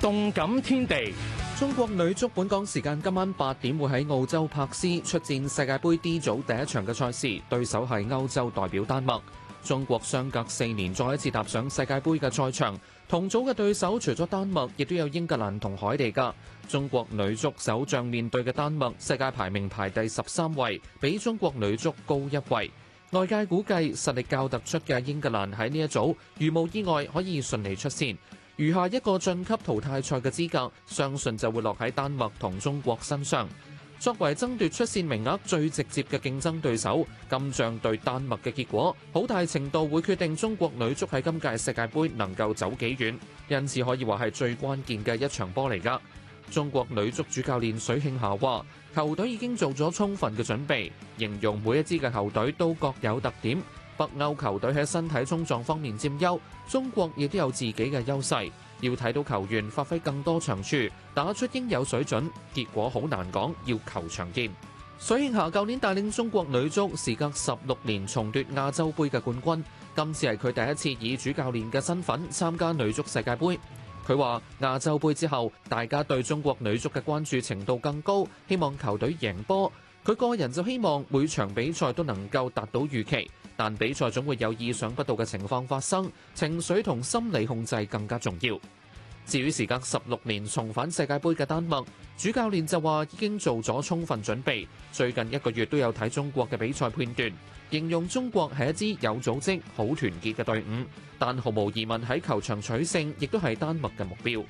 動感天地，中國女足本港時間今晚八點會喺澳洲柏斯出戰世界盃 D 組第一場嘅賽事，對手係歐洲代表丹麥。中國相隔四年再一次踏上世界盃嘅賽場，同組嘅對手除咗丹麥，亦都有英格蘭同海地噶。中國女足首仗面對嘅丹麥，世界排名排第十三位，比中國女足高一位。外界估計實力較突出嘅英格蘭喺呢一組，如無意外可以順利出線。餘下一個晉級淘汰賽嘅資格，相信就會落喺丹麥同中國身上。作為爭奪出線名額最直接嘅競爭對手，今仗對丹麥嘅結果，好大程度會決定中國女足喺今屆世界盃能夠走幾遠。因此可以話係最關鍵嘅一場波嚟噶。中國女足主教練水慶霞話：球隊已經做咗充分嘅準備，形容每一支嘅球隊都各有特點。北歐球隊喺身體衝撞方面佔優，中國亦都有自己嘅優勢，要睇到球員發揮更多長處，打出應有水準，結果好難講，要球場見。水慶霞舊年帶領中國女足，時隔十六年重奪亞洲盃嘅冠軍，今次係佢第一次以主教練嘅身份參加女足世界盃。佢話：亞洲盃之後，大家對中國女足嘅關注程度更高，希望球隊贏波。佢個人就希望每場比賽都能夠達到預期，但比賽總會有意想不到嘅情況發生，情緒同心理控制更加重要。至於時隔十六年重返世界盃嘅丹麥主教練就話已經做咗充分準備，最近一個月都有睇中國嘅比賽片段，形容中國係一支有組織、好團結嘅隊伍，但毫無疑問喺球場取勝亦都係丹麥嘅目標。